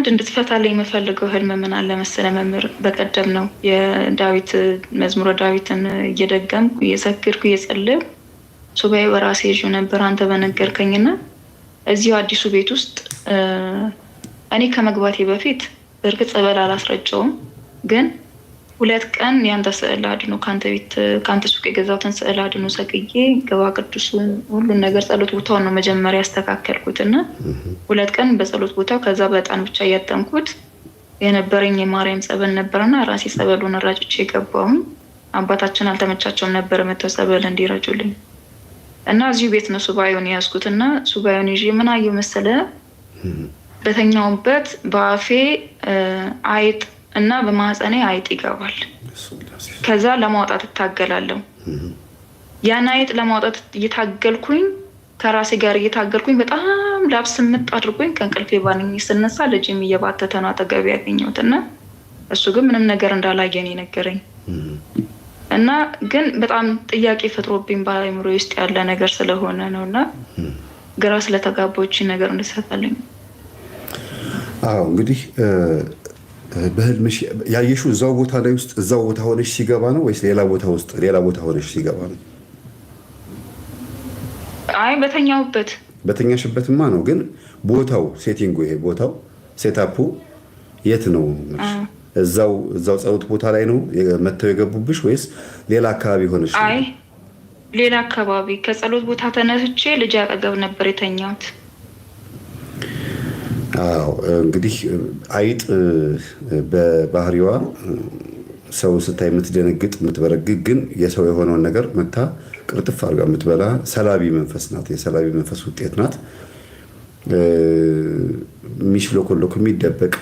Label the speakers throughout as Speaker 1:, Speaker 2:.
Speaker 1: አንድ እንድትፈታልኝ የምፈልገው ህልም ምን አለ መሰለህ መምህር፣ በቀደም ነው የዳዊት መዝሙረ ዳዊትን እየደገምኩ እየሰክርኩ እየጸለይኩ ሱባኤ በራሴ ይዤው ነበር። አንተ በነገርከኝና እዚሁ አዲሱ ቤት ውስጥ እኔ ከመግባቴ በፊት እርግጥ ጸበል አላስረጨውም ግን ሁለት ቀን ያንተ ስዕል አድኖ ከአንተ ቤት ከአንተ ሱቅ የገዛሁትን ስዕል አድኖ ሰቅዬ ገባ ቅዱስ ሁሉን ነገር ጸሎት ቦታውን ነው መጀመሪያ ያስተካከልኩት እና ሁለት ቀን በጸሎት ቦታው ከዛ በጣን ብቻ እያጠንኩት የነበረኝ የማርያም ጸበል ነበረና ራሴ ጸበሉን ራጭች የገባውም አባታችን አልተመቻቸውም ነበር መተው ጸበል እንዲረጩልኝ እና እዚሁ ቤት ነው ሱባኤውን የያዝኩት እና ሱባኤውን ይዤ ምን አየሁ መሰለ በተኛውበት በአፌ አይጥ እና በማህፀኔ አይጥ ይገባል። ከዛ ለማውጣት እታገላለሁ። ያን አይጥ ለማውጣት እየታገልኩኝ ከራሴ ጋር እየታገልኩኝ በጣም ላብስ ምጥ አድርጎኝ ከእንቅልፌ ባንኝ ስነሳ ልጅም እየባተተ ነው አጠገብ ያገኘሁት እና እሱ ግን ምንም ነገር እንዳላየን የነገረኝ እና ግን በጣም ጥያቄ ፈጥሮብኝ በአእምሮ ውስጥ ያለ ነገር ስለሆነ ነው እና ግራ ስለተጋባች ነገር እንድትሰጠልኝ
Speaker 2: አዎ እንግዲህ በህልምሽ ያየሹ እዛው ቦታ ላይ ውስጥ እዛው ቦታ ሆነሽ ሲገባ ነው ወይስ ሌላ ቦታ ውስጥ ሌላ ቦታ ሆነሽ ሲገባ ነው?
Speaker 1: አይ በተኛውበት
Speaker 2: በተኛሽበትማ ነው። ግን ቦታው ሴቲንጉ ይሄ ቦታው ሴታፑ የት ነው? እዛው እዛው ጸሎት ቦታ ላይ ነው መጥተው የገቡብሽ ወይስ ሌላ አካባቢ ሆነሽ?
Speaker 1: አይ ሌላ አካባቢ ከጸሎት ቦታ ተነስቼ ልጅ አጠገብ ነበር የተኛሁት።
Speaker 2: እንግዲህ አይጥ በባህሪዋ ሰው ስታይ የምትደነግጥ የምትበረግግ፣ ግን የሰው የሆነውን ነገር መታ ቅርጥፍ አድርጋ የምትበላ ሰላቢ መንፈስ ናት። የሰላቢ መንፈስ ውጤት ናት። የሚሽሎኮሎክ የሚደበቅ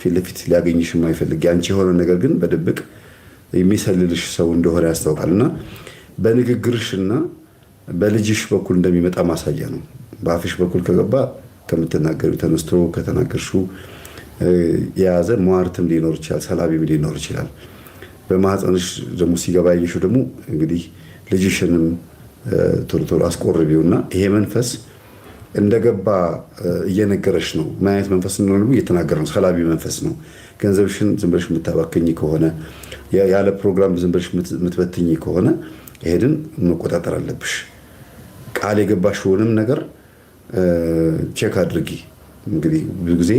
Speaker 2: ፊት ለፊት ሊያገኝሽ የማይፈልግ ያንቺ የሆነ ነገር ግን በድብቅ የሚሰልልሽ ሰው እንደሆነ ያስታውቃል። እና በንግግርሽ እና በልጅሽ በኩል እንደሚመጣ ማሳያ ነው። በአፍሽ በኩል ከገባ ከምትናገሪው ተነስቶ ከተናገርሽው የያዘ ሟርትም ሊኖር ይችላል፣ ሰላቢም ሊኖር ይችላል። በማህፀንሽ ደግሞ ሲገባ ያየሽው ደግሞ እንግዲህ ልጅሽንም ቶሎ ቶሎ አስቆርቢውና ይሄ መንፈስ እንደገባ እየነገረሽ ነው። ምን አይነት መንፈስ እንደሆነ እየተናገረ ነው። ሰላቢ መንፈስ ነው። ገንዘብሽን ዝም ብለሽ የምታባክኝ ከሆነ ያለ ፕሮግራም ዝም ብለሽ የምትበትኝ ከሆነ ይሄንን መቆጣጠር አለብሽ። ቃል የገባሽውንም ነገር ቼክ አድርጊ። እንግዲህ ብዙ ጊዜ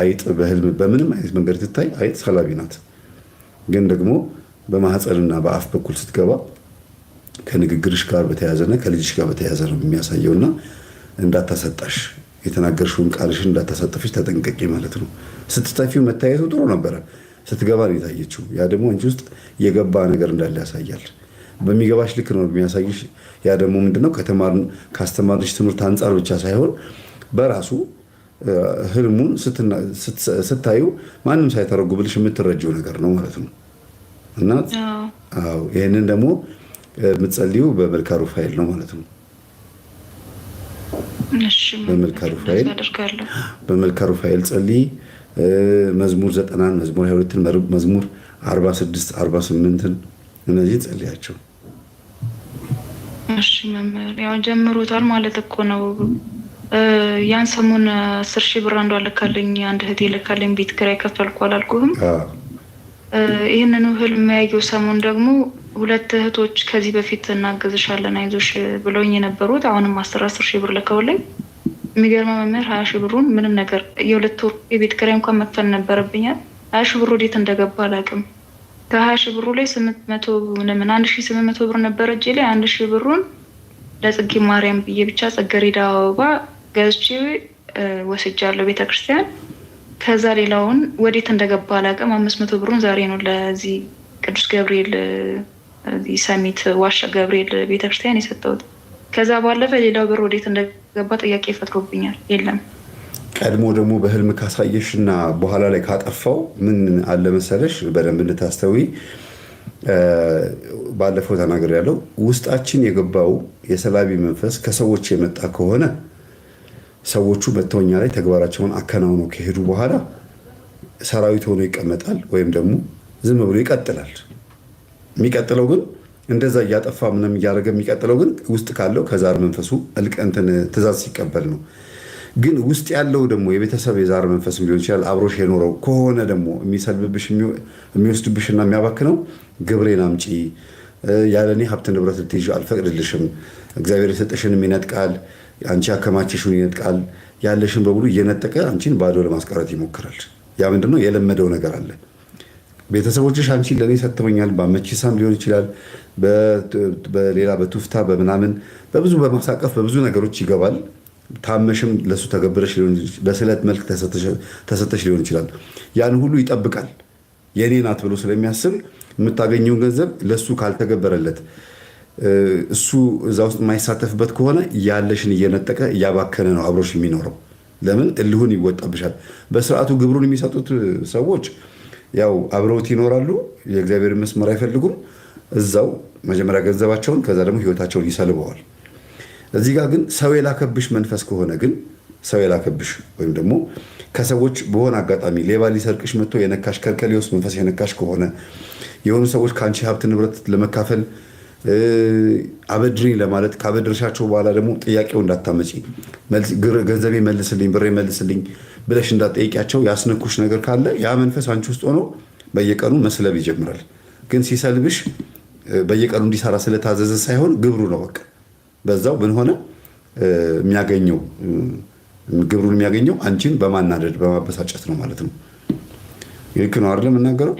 Speaker 2: አይጥ በህልም በምንም አይነት መንገድ ትታይ አይጥ ሰላቢ ናት። ግን ደግሞ በማህፀንና በአፍ በኩል ስትገባ ከንግግርሽ ጋር በተያዘና ከልጅሽ ጋር በተያዘ ነው የሚያሳየውና እንዳታሰጣሽ የተናገርሽውን ቃልሽን እንዳታሳጠፍሽ ተጠንቀቂ ማለት ነው። ስትጠፊው መታየቱ ጥሩ ነበረ። ስትገባ ነው የታየችው። ያ ደግሞ አንቺ ውስጥ የገባ ነገር እንዳለ ያሳያል። በሚገባሽ ልክ ነው የሚያሳይሽ። ያ ደግሞ ምንድነው ከተማርን ካስተማርንሽ ትምህርት አንጻር ብቻ ሳይሆን በራሱ ህልሙን ስታዩ ማንም ሳይተረጉምልሽ የምትረጂው ነገር ነው ማለት ነው። እና ይህንን ደግሞ የምትጸልዩ በመልካ ሩፋኤል ነው ማለት ነው። በመልካ ሩፋኤል ጸልይ። መዝሙር ዘጠናን መዝሙር 22ን መዝሙር 46 48ን እነዚህን ጸልያቸው።
Speaker 1: እሺ መምህር ያው ጀምሮታል ማለት እኮ ነው። ያን ሰሞን አስር ሺህ ብር አንዷ ልካለኝ፣ አንድ እህት ልካለኝ፣ ቤት ኪራይ ከፈልኩ አላልኩህም? ይህንኑ ህልም የሚያየው ሰሞን ደግሞ ሁለት እህቶች ከዚህ በፊት እናገዝሻለን አይዞሽ ብለውኝ የነበሩት አሁንም አስር አስር ሺህ ብር ልከውልኝ የሚገርመው መምህር ሀያ ሺህ ብሩን ምንም ነገር የሁለት ወር የቤት ኪራይ እንኳን መክፈል ነበረብኛል። ሀያ ሺህ ብሩ ወዴት እንደገባ አላውቅም። ከሀያ ሺህ ብሩ ላይ ስምንት መቶ ምን አንድ ሺህ ስምንት መቶ ብር ነበረ እጄ ላይ አንድ ሺህ ብሩን ለጽጌ ማርያም ብዬ ብቻ ጽጌረዳ አበባ ገዝቼ ወስጃለሁ ቤተክርስቲያን። ከዛ ሌላውን ወዴት እንደገባ አላውቅም። አምስት መቶ ብሩን ዛሬ ነው ለዚህ ቅዱስ ገብርኤል ሰሚት ዋሻ ገብርኤል ቤተክርስቲያን የሰጠሁት። ከዛ ባለፈ ሌላው ብር ወዴት እንደገባ ጥያቄ ፈጥሮብኛል የለም።
Speaker 2: ቀድሞ ደግሞ በህልም ካሳየሽና በኋላ ላይ ካጠፋው ምን አለ መሰለሽ፣ በደንብ እንድታስተዊ ባለፈው ተናገር ያለው ውስጣችን የገባው የሰላቢ መንፈስ ከሰዎች የመጣ ከሆነ ሰዎቹ መተውኛ ላይ ተግባራቸውን አከናውነው ከሄዱ በኋላ ሰራዊት ሆኖ ይቀመጣል ወይም ደግሞ ዝም ብሎ ይቀጥላል። የሚቀጥለው ግን እንደዛ እያጠፋ ምንም እያደረገ የሚቀጥለው ግን ውስጥ ካለው ከዛር መንፈሱ ትእዛዝ ሲቀበል ነው። ግን ውስጥ ያለው ደግሞ የቤተሰብ የዛር መንፈስ ሊሆን ይችላል። አብሮሽ የኖረው ከሆነ ደግሞ የሚሰልብብሽ የሚወስድብሽና የሚያባክነው ግብሬን አምጪ፣ ያለኔ ሀብት ንብረት ልትይዥ አልፈቅድልሽም፣ እግዚአብሔር የሰጠሽንም ይነጥቃል፣ አንቺ ያከማችሽን ይነጥቃል፣ ያለሽን በሙሉ እየነጠቀ አንቺን ባዶ ለማስቀረት ይሞክራል። ያ ምንድነው የለመደው ነገር አለ። ቤተሰቦችሽ አንቺ ለእኔ ሰጥተውኛል፣ በመችሳም ሊሆን ይችላል፣ በሌላ በቱፍታ በምናምን በብዙ በማሳቀፍ በብዙ ነገሮች ይገባል ታመሽም ተገብረሽ ሊሆን ለስዕለት መልክ ተሰተሽ ሊሆን ይችላል። ያን ሁሉ ይጠብቃል። የእኔ ናት ብሎ ስለሚያስብ የምታገኘውን ገንዘብ ለሱ ካልተገበረለት እሱ እዛ ውስጥ የማይሳተፍበት ከሆነ ያለሽን እየነጠቀ እያባከነ ነው አብሮሽ የሚኖረው። ለምን እልሁን ይወጣብሻል። በስርዓቱ ግብሩን የሚሰጡት ሰዎች ያው አብረውት ይኖራሉ። የእግዚአብሔር መስመር አይፈልጉም። እዛው መጀመሪያ ገንዘባቸውን ከዛ ደግሞ ህይወታቸውን ይሰልበዋል። እዚህ ጋር ግን ሰው የላከብሽ መንፈስ ከሆነ ግን ሰው የላከብሽ ወይም ደግሞ ከሰዎች በሆነ አጋጣሚ ሌባ ሊሰርቅሽ መጥቶ የነካሽ ከርቀሌዎስ መንፈስ የነካሽ ከሆነ የሆኑ ሰዎች ከአንቺ ሀብት ንብረት ለመካፈል አበድሪኝ ለማለት ካበድርሻቸው በኋላ ደግሞ ጥያቄው እንዳታመጪ ገንዘቤ መልስልኝ፣ ብሬ መልስልኝ ብለሽ እንዳጠይቂያቸው ያስነኩሽ ነገር ካለ ያ መንፈስ አንቺ ውስጥ ሆኖ በየቀኑ መስለብ ይጀምራል። ግን ሲሰልብሽ በየቀኑ እንዲሰራ ስለታዘዘ ሳይሆን ግብሩ ነው በቃ በዛው ምን ሆነ የሚያገኘው ግብሩን የሚያገኘው አንቺን በማናደድ በማበሳጨት ነው ማለት ነው። ልክ ነው አይደል? የምናገረው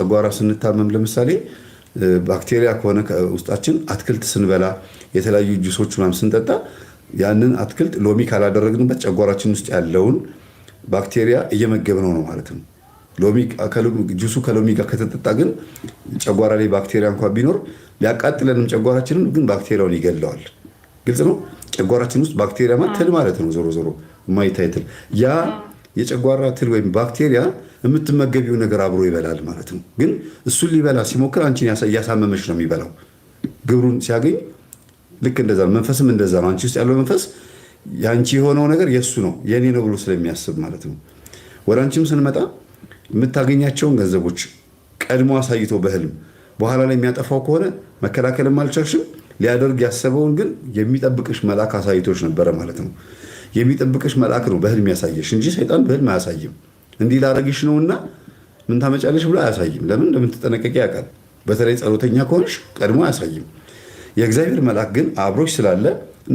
Speaker 2: ጨጓራ ስንታመም ለምሳሌ ባክቴሪያ ከሆነ ውስጣችን አትክልት ስንበላ የተለያዩ ጁሶች ምናምን ስንጠጣ ያንን አትክልት ሎሚ ካላደረግንበት ጨጓራችን ውስጥ ያለውን ባክቴሪያ እየመገብ ነው ማለት ነው። ጁሱ ከሎሚ ጋር ከተጠጣ ግን ጨጓራ ላይ ባክቴሪያ እንኳን ቢኖር ሊያቃጥለንም ጨጓራችንን ግን ባክቴሪያውን ይገለዋል። ግልጽ ነው። ጨጓራችን ውስጥ ባክቴሪያ ማለት ትል ማለት ነው። ዞሮ ዞሮ የማይታይ ትል፣ ያ የጨጓራ ትል ወይም ባክቴሪያ የምትመገቢው ነገር አብሮ ይበላል ማለት ነው። ግን እሱን ሊበላ ሲሞክር አንቺን እያሳመመች ነው የሚበላው። ግብሩን ሲያገኝ ልክ እንደዛ ነው። መንፈስም እንደዛ ነው። አንቺ ውስጥ ያለው መንፈስ የአንቺ የሆነው ነገር የእሱ ነው የእኔ ነው ብሎ ስለሚያስብ ማለት ነው። ወደ አንቺም ስንመጣ የምታገኛቸውን ገንዘቦች ቀድሞ አሳይቶ በህልም በኋላ ላይ የሚያጠፋው ከሆነ መከላከልም አልቻልሽም። ሊያደርግ ያሰበውን ግን የሚጠብቅሽ መልአክ አሳይቶች ነበረ ማለት ነው። የሚጠብቅሽ መልአክ ነው በህልም ያሳየሽ እንጂ ሰይጣን በህልም አያሳይም። እንዲህ ላረግሽ ነውና ምን ታመጫለሽ ብሎ አያሳይም። ለምን እንደምትጠነቀቂ ያውቃል። በተለይ ጸሎተኛ ከሆንሽ ቀድሞ አያሳይም። የእግዚአብሔር መልአክ ግን አብሮች ስላለ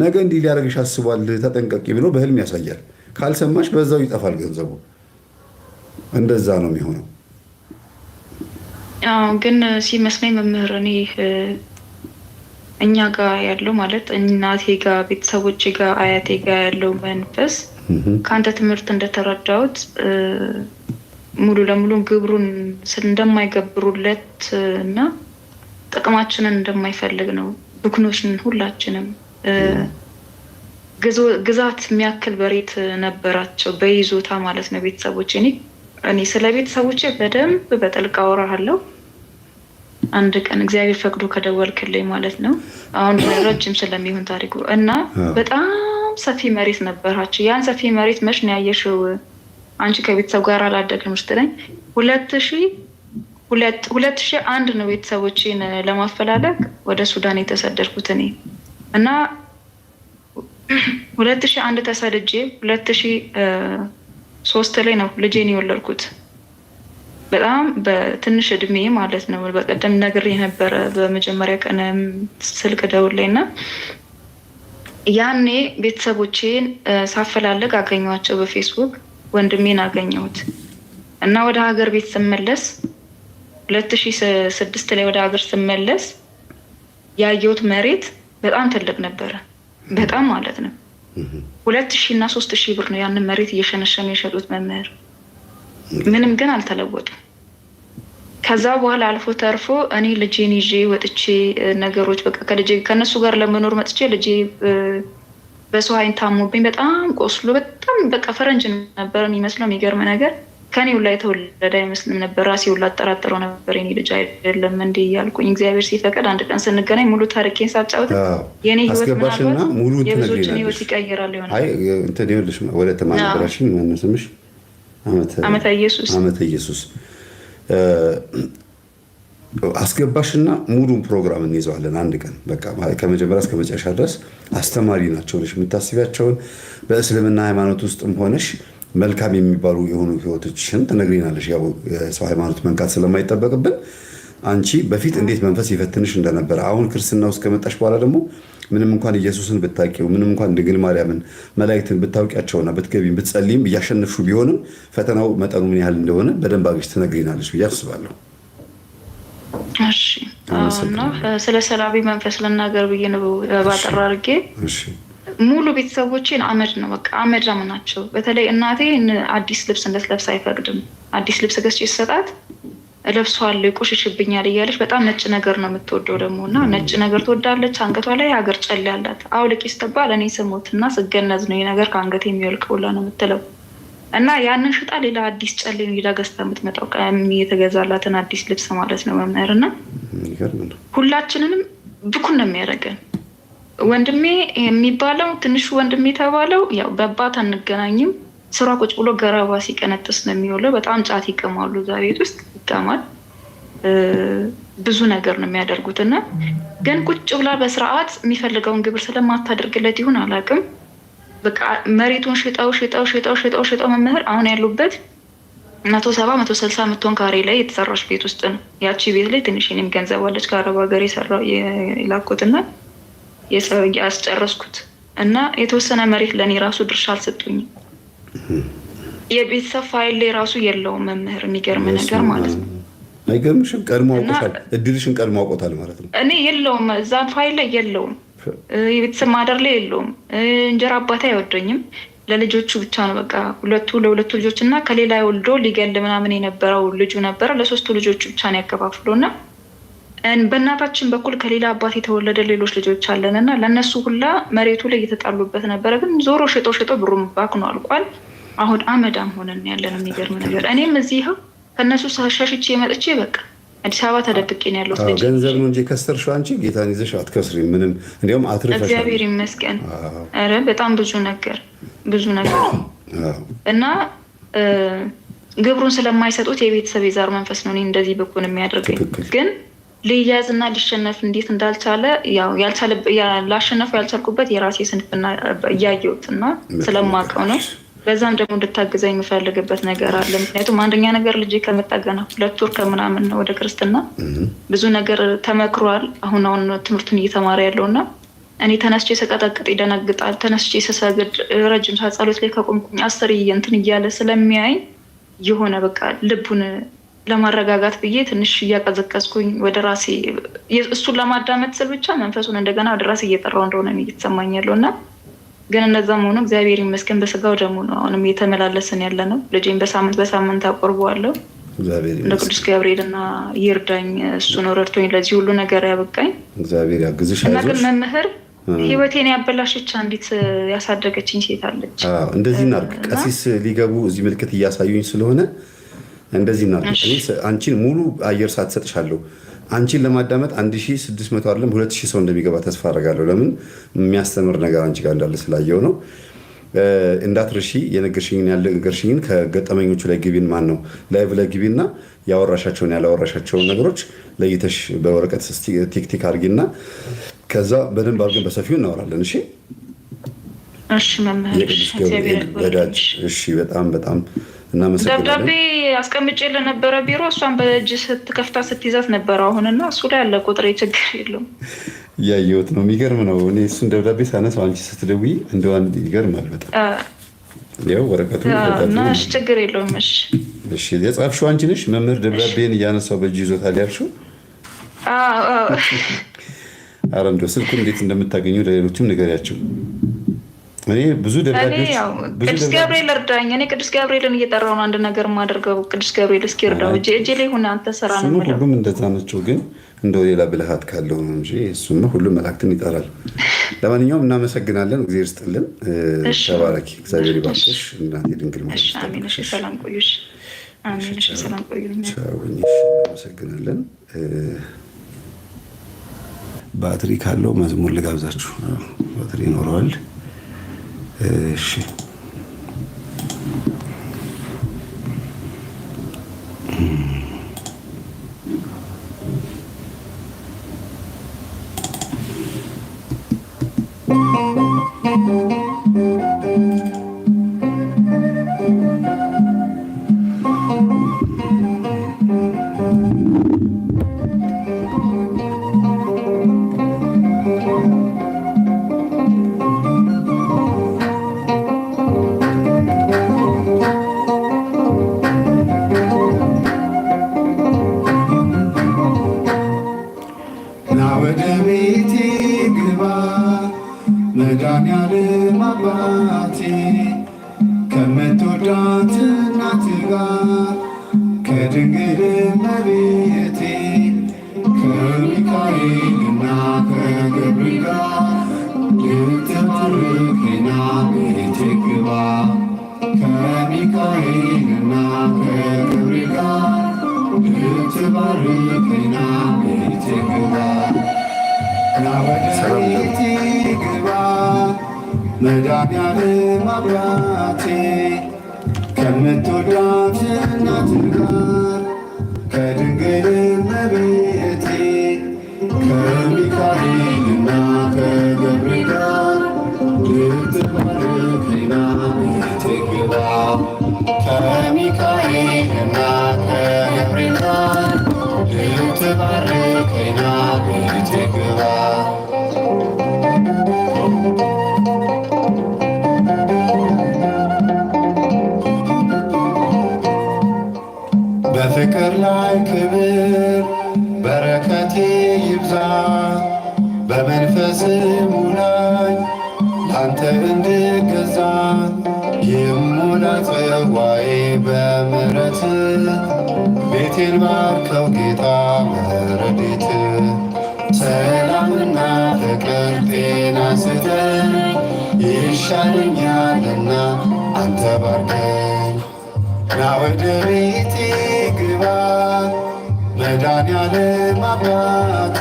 Speaker 2: ነገ እንዲህ ሊያደርግሽ አስቧል ተጠንቀቂ ብሎ በህልም ያሳያል። ካልሰማሽ በዛው ይጠፋል ገንዘቡ። እንደዛ ነው የሚሆነው።
Speaker 1: ግን ሲመስለኝ መምህር እኔ እኛ ጋር ያለው ማለት እናቴ ጋር ቤተሰቦች ጋር አያቴ ጋር ያለው መንፈስ ከአንተ ትምህርት እንደተረዳሁት ሙሉ ለሙሉ ግብሩን እንደማይገብሩለት እና ጥቅማችንን እንደማይፈልግ ነው። ብክኖችን ሁላችንም ግዛት የሚያክል በሬት ነበራቸው በይዞታ ማለት ነው ቤተሰቦች። እኔ ስለ ቤተሰቦች በደንብ በጥልቅ አወራለሁ። አንድ ቀን እግዚአብሔር ፈቅዶ ከደወልክልኝ ማለት ነው። አሁን ረጅም ስለሚሆን ታሪኩ እና በጣም ሰፊ መሬት ነበራቸው። ያን ሰፊ መሬት መች ነው ያየሽው? አንቺ ከቤተሰብ ጋር አላደግም ስትለኝ ሁለት ሺ ሁለት ሺ አንድ ነው ቤተሰቦችን ለማፈላለግ ወደ ሱዳን የተሰደድኩት እኔ እና ሁለት ሺ አንድ ተሰድጄ ሁለት ሺ ሶስት ላይ ነው ልጄን የወለድኩት። በጣም በትንሽ እድሜ ማለት ነው። በቀደም ነግሬ ነበረ በመጀመሪያ ቀን ስልክ ደውል እና ያኔ ቤተሰቦቼን ሳፈላልግ አገኘኋቸው። በፌስቡክ ወንድሜን አገኘሁት እና ወደ ሀገር ቤት ስመለስ ሁለት ሺ ስድስት ላይ ወደ ሀገር ስመለስ ያየሁት መሬት በጣም ትልቅ ነበረ። በጣም ማለት ነው ሁለት ሺ እና ሶስት ሺህ ብር ነው ያንን መሬት እየሸነሸነ የሸጡት መምህር ምንም ግን አልተለወጡም። ከዛ በኋላ አልፎ ተርፎ እኔ ልጄን ይዤ ወጥቼ ነገሮች በቃ ከልጄ ከእነሱ ጋር ለመኖር መጥቼ ልጄ በሰው ዓይን ታሞብኝ በጣም ቆስሎ በጣም በቃ ፈረንጅ ነበር የሚመስለው። የሚገርም ነገር ከኔ ሁላ የተወለደ አይመስልም ነበር። ራሴ ሁላ አጠራጥረው ነበር የኔ ልጅ አይደለም እንዲ እያልኩኝ እግዚአብሔር ሲፈቀድ አንድ ቀን ስንገናኝ ሙሉ ታሪኬን ሳጫወት የኔ ህይወት
Speaker 2: ምናልባት የብዙዎችን
Speaker 1: ህይወት ይቀይራል ይሆናል።
Speaker 2: ወደ ተማራሽን ስምሽ
Speaker 1: ዓመተ
Speaker 2: ኢየሱስ አስገባሽና ሙሉን ፕሮግራም እንይዘዋለን አንድ ቀን በቃ ከመጀመሪያ እስከ መጨረሻ ድረስ አስተማሪ ናቸው ነሽ የምታስቢያቸውን በእስልምና ሃይማኖት ውስጥም ሆነሽ መልካም የሚባሉ የሆኑ ህይወቶችን ትነግሪናለሽ። ያው የሰው ሃይማኖት መንካት ስለማይጠበቅብን አንቺ በፊት እንዴት መንፈስ ይፈትንሽ እንደነበረ አሁን ክርስትና ውስጥ ከመጣሽ በኋላ ደግሞ ምንም እንኳን ኢየሱስን ብታውቂው፣ ምንም እንኳን ድንግል ማርያምን መላእክትን ብታውቂያቸውና ብትገቢም ብትጸልይም እያሸነፍሽው ቢሆንም ፈተናው መጠኑ ምን ያህል እንደሆነ በደንብ አግሽ ትነግሪናለች ብዬ አስባለሁ።
Speaker 1: ስለ ሰላቢ መንፈስ ልናገር ብዬ ነው ባጠራ አድርጌ። ሙሉ ቤተሰቦቼን አመድ ነው በቃ አመድ ናቸው። በተለይ እናቴ አዲስ ልብስ እንድትለብስ አይፈቅድም። አዲስ ልብስ ገዝቼ ስሰጣት እለብሷለሁ ቆሽሽብኛል እያለች በጣም ነጭ ነገር ነው የምትወደው ደግሞ እና ነጭ ነገር ትወዳለች። አንገቷ ላይ ሀገር ጨል ያላት አውልቂ ስትባል እኔ ስሞት እና ስገነዝ ነው ነገር ከአንገት የሚወልቀው ሁላ ነው የምትለው እና ያንን ሽጣ ሌላ አዲስ ጨሌ ነው ሄዳ ገዝታ የምትመጣው ቀን የተገዛላትን አዲስ ልብስ ማለት ነው መምህር እና ሁላችንንም ብኩን ነው የሚያደርገን። ወንድሜ የሚባለው ትንሹ ወንድሜ የተባለው ያው በባት አንገናኝም ስራ ቁጭ ብሎ ገረባ ሲቀነጥስ ነው የሚውለው። በጣም ጫት ይቅማሉ እዛ ቤት ውስጥ ይጠቀማል። ብዙ ነገር ነው የሚያደርጉት እና ግን ቁጭ ብላ በስርዓት የሚፈልገውን ግብር ስለማታደርግለት ይሁን አላውቅም። በቃ መሬቱን ሽጠው ሽጠው ሽጠው ሽጠው ሽጠው መምህር አሁን ያሉበት መቶ ሰባ መቶ ስልሳ ምትሆን ካሬ ላይ የተሰራች ቤት ውስጥ ነው። ያቺ ቤት ላይ ትንሽ እኔም ገንዘብ አለች ከአረብ ሀገር የሰራው የላኩትና ያስጨረስኩት እና የተወሰነ መሬት ለእኔ ራሱ ድርሻ አልሰጡኝም። የቤተሰብ ፋይል ላይ ራሱ የለውም መምህር። የሚገርም ነገር ማለት ነው።
Speaker 2: አይገርምሽም? ቀድሞ አውቆታል። እድልሽን ቀድሞ አውቆታል ማለት
Speaker 1: ነው። እኔ የለውም እዛ ፋይል ላይ የለውም። የቤተሰብ ማደር ላይ የለውም። እንጀራ አባት አይወደኝም። ለልጆቹ ብቻ ነው በቃ ሁለቱ ለሁለቱ ልጆች እና ከሌላ ወልዶ ሊገል ምናምን የነበረው ልጁ ነበረ። ለሶስቱ ልጆቹ ብቻ ነው ያከፋፍሎ እና በእናታችን በኩል ከሌላ አባት የተወለደ ሌሎች ልጆች አለን እና ለእነሱ ሁላ መሬቱ ላይ እየተጣሉበት ነበረ። ግን ዞሮ ሽጦ ሽጦ ብሩም ባክ ነው አልቋል። አሁን አመዳም ሆነን ያለን የሚገርም ነገር። እኔም እዚህ ይኸው ከእነሱ ሻሽቼ መጥቼ በቃ አዲስ አበባ ተደብቄ ነው ያለሁት።
Speaker 2: ገንዘብ ነው እንጂ ከሰርሽው አንቺ ጌታን ይዘሽ አትከስሪ ምንም። እንዲሁም አትርፈሻል።
Speaker 1: እግዚአብሔር ይመስገን። ኧረ በጣም ብዙ ነገር ብዙ ነገር እና ግብሩን ስለማይሰጡት የቤተሰብ የዛር መንፈስ ነው እኔ እንደዚህ በኩን የሚያደርገኝ ግን ልያዝ እና ሊሸነፍ እንዴት እንዳልቻለ ላሸነፉ ያልቻልኩበት የራሴ ስንፍና እያየሁት እና ስለማውቀው ነው። በዛም ደግሞ እንድታግዘኝ የምፈልግበት ነገር አለ። ምክንያቱም አንደኛ ነገር ልጅ ከመጣገና ሁለት ወር ከምናምን ወደ ክርስትና ብዙ ነገር ተመክሯል። አሁን አሁን ትምህርቱን እየተማረ ያለው እና እኔ ተነስቼ ስቀጠቅጥ ይደነግጣል። ተነስቼ ስሰግድ ረጅም ሰዓት ጸሎት ላይ ከቆምኩኝ አስር እንትን እያለ ስለሚያይ የሆነ በቃ ልቡን ለማረጋጋት ብዬ ትንሽ እያቀዘቀዝኩኝ ወደ ራሴ እሱን ለማዳመጥ ስል ብቻ መንፈሱን እንደገና ወደ ራሴ እየጠራው እንደሆነ እየተሰማኝ ያለው እና ግን እንደዛ መሆኑ እግዚአብሔር ይመስገን በስጋው ደግሞ ነው አሁንም እየተመላለስን ያለ ነው። ልጄን በሳምንት በሳምንት አቆርበዋለሁ። ለቅዱስ ገብርኤልና ይርዳኝ እሱ ነው ረድቶኝ ለዚህ ሁሉ ነገር ያበቃኝ
Speaker 2: እግዚአብሔር ያግዝሽ።
Speaker 1: እና ግን መምህር ህይወቴን ያበላሸች አንዲት ያሳደገችኝ ሴት አለች።
Speaker 2: እንደዚህ እናድርግ። ቀሲስ ሊገቡ እዚህ ምልክት እያሳዩኝ ስለሆነ እንደዚህ እናድርግ። አንቺን ሙሉ አየር ሰዓት አንቺን ለማዳመጥ 1600 አይደለም ሺ ሰው እንደሚገባ ተስፋ አደርጋለሁ። ለምን የሚያስተምር ነገር አንቺ ጋር እንዳለ ስላየው ነው። እንዳትርሺ የነገርሽኝን ያልነገርሽኝን ከገጠመኞቹ ላይ ግቢን ማን ነው ላይቭ ላይ ግቢና ያወራሻቸውን ያላወራሻቸውን ነገሮች ለይተሽ በወረቀት ቲክቲክ አድርጊና ከዛ በደንብ አድርገን በሰፊው እናወራለን። እሺ
Speaker 1: እሺ፣ መምህር
Speaker 2: እሺ፣ በጣም በጣም
Speaker 1: ደብዳቤ አስቀምጬ ለነበረ ቢሮ እሷን በእጅ ስትከፍታ ስትይዛት ነበረ። አሁንና እሱ ላይ ያለ ቁጥሬ ችግር የለውም
Speaker 2: እያየሁት ነው። የሚገርም ነው። እኔ እሱን ደብዳቤ ሳነሳው አንቺ ስትደውይ እንደው አንድ ይገርማል በጣም ያው ወረቀቱ ችግር የለውም። እሺ የጻፍሽው አንቺ ነሽ? መምህር ደብዳቤን እያነሳው በእጅ ይዞታል ያልሽው? አረ እንደው ስልኩን እንዴት እንደምታገኙ ለሌሎችም ንገሪያቸው። እኔ ብዙ ደብዳቤዎች
Speaker 1: ቅዱስ ገብርኤል እርዳኝ፣ እኔ ቅዱስ ገብርኤልን እየጠራው ነው አንድ ነገር ማደርገው። ቅዱስ ገብርኤል እስኪ እርዳው፣ እ እጅ ላይ ሆነ አንተ ስራ ነው።
Speaker 2: ሁሉም እንደዛ ናቸው፣ ግን እንደው ሌላ ብልሃት ካለው ነው እንጂ እሱማ ሁሉም መላእክትን ይጠራል። ለማንኛውም እናመሰግናለን። እግዚአብሔር ስጥልን፣ ተባረኪ፣ እግዚአብሔር ይባርክሽ።
Speaker 1: እናቴ ድንግል ማለት እናመሰግናለን።
Speaker 2: ባትሪ ካለው መዝሙር ልጋብዛችሁ። ባትሪ ይኖረዋል። እሺ መድኃኔዓለም አባቴ ከምትወዳት እናት ጋር ከድንግል እመቤቴ ከሚካኤልና ከገብርኤል ጋር ልትባርኪና ቤቴ ግባ ከሚካኤልና ከገብርኤል ጋር ልትባርኪና ቤቴ ግባ ከቤቴ ግባ መድኃኒዓለም አብራቴ ከምትወዳት እናት ጋር ከድንግል እመቤቴ ከሚካኤልና ከገብርኤል ጋር ልትባረክ ናት ግባ ከሚካኤልና ተባረከና በፍቅር ላይ ክብር በረከቴ ይብዛ በመንፈስ ሙላኝ ላንተ እንድገዛ የሙላ ጽዋዬ በምረት ነፍሴን ባርከው ጌታ በረድኤት ሰላምና ፍቅር ጤና ስጠን ይሻለኛልና አንተ ባርከኝ። ና ወደ ቤቴ ግባ መድኃኔዓለም አባቴ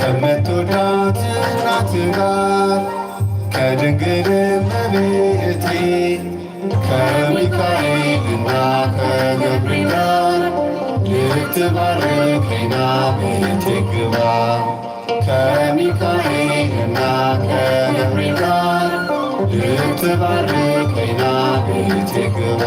Speaker 2: ከምትወዳት እናት ጋር ከድንግል እመቤቴ ከሚካኤልና ከገብርኤል ልትባርከኝ ቤቴ ግባ ከሚካኤልና ከገብርኤል ጋር ልትባርከኝ ቤቴ ግባ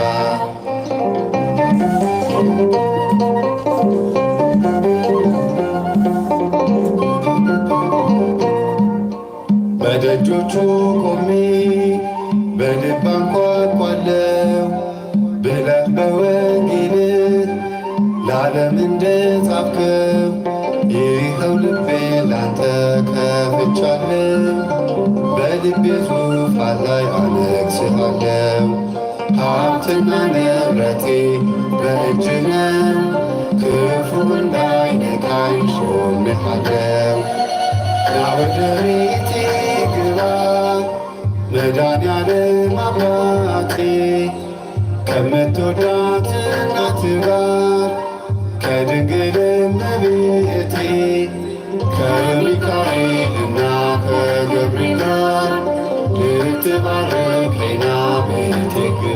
Speaker 2: በደጆቹ ቆሜ በልብ ብለህ በወ ላንተ ከፍቻለሁ፣ በልቤ ዙፋን ላይ አነግሥሃለሁ። ሀብትና ንብረቴ በእጅህ ነው፣ ክፉ እንዳይነካኝ ሾሜሃለሁ። ና ግባ መድኃኔዓለም አምላኬ ከምትወዳት ጋር ከድንግል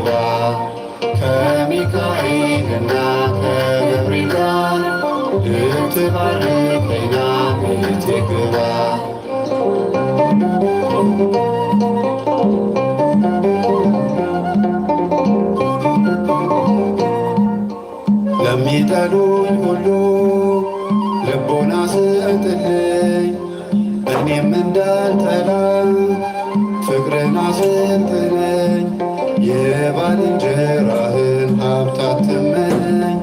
Speaker 2: ይሁዳ ከሚካኤልና ከገብርኤል ጋር ልትባርከኝና ቤቴ ግባ። ለሚጠሉኝ ሁሉ ልቦና ስጥልኝ እኔም እንዳልጠላ ፍቅርና ስንትን መራህን ሀብታት ትመኝ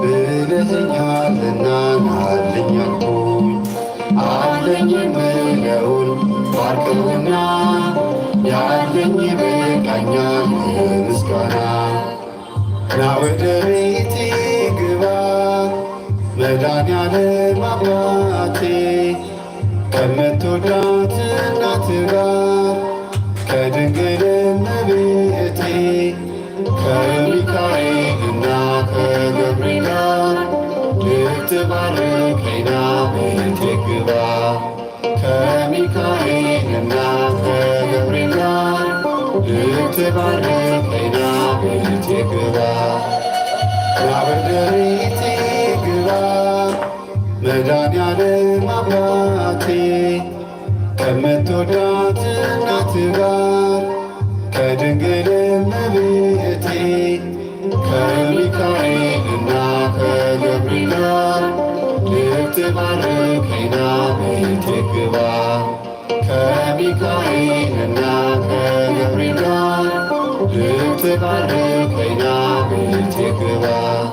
Speaker 2: ብለኸኛልና ናልኝ አልኩኝ አለኝ ምለውን ባርክውና ያለኝ በቃኛል ምስጋና ና ወደ ቤቴ ግባ መድኃኒዓለም አባቴ ከምትወዳት እናትህ ጋር ከድንግል እመቤት ክንዳ ከሚካኤልና ከገብርኤል ጋር ልትባርከኝና ቤቴ ግባ ናበርደሬቴ ግባ መድኃኔዓለም አምላኬ ከምትወዳት እናት ጋር ከድንግል እመቤቴ ከሚካኤልና ከገብርኤል ጋር ልትባር ይግባ ከሚካኤልና ከገብርኤል ጋር ልትባርከኝ ቤቴ ግባ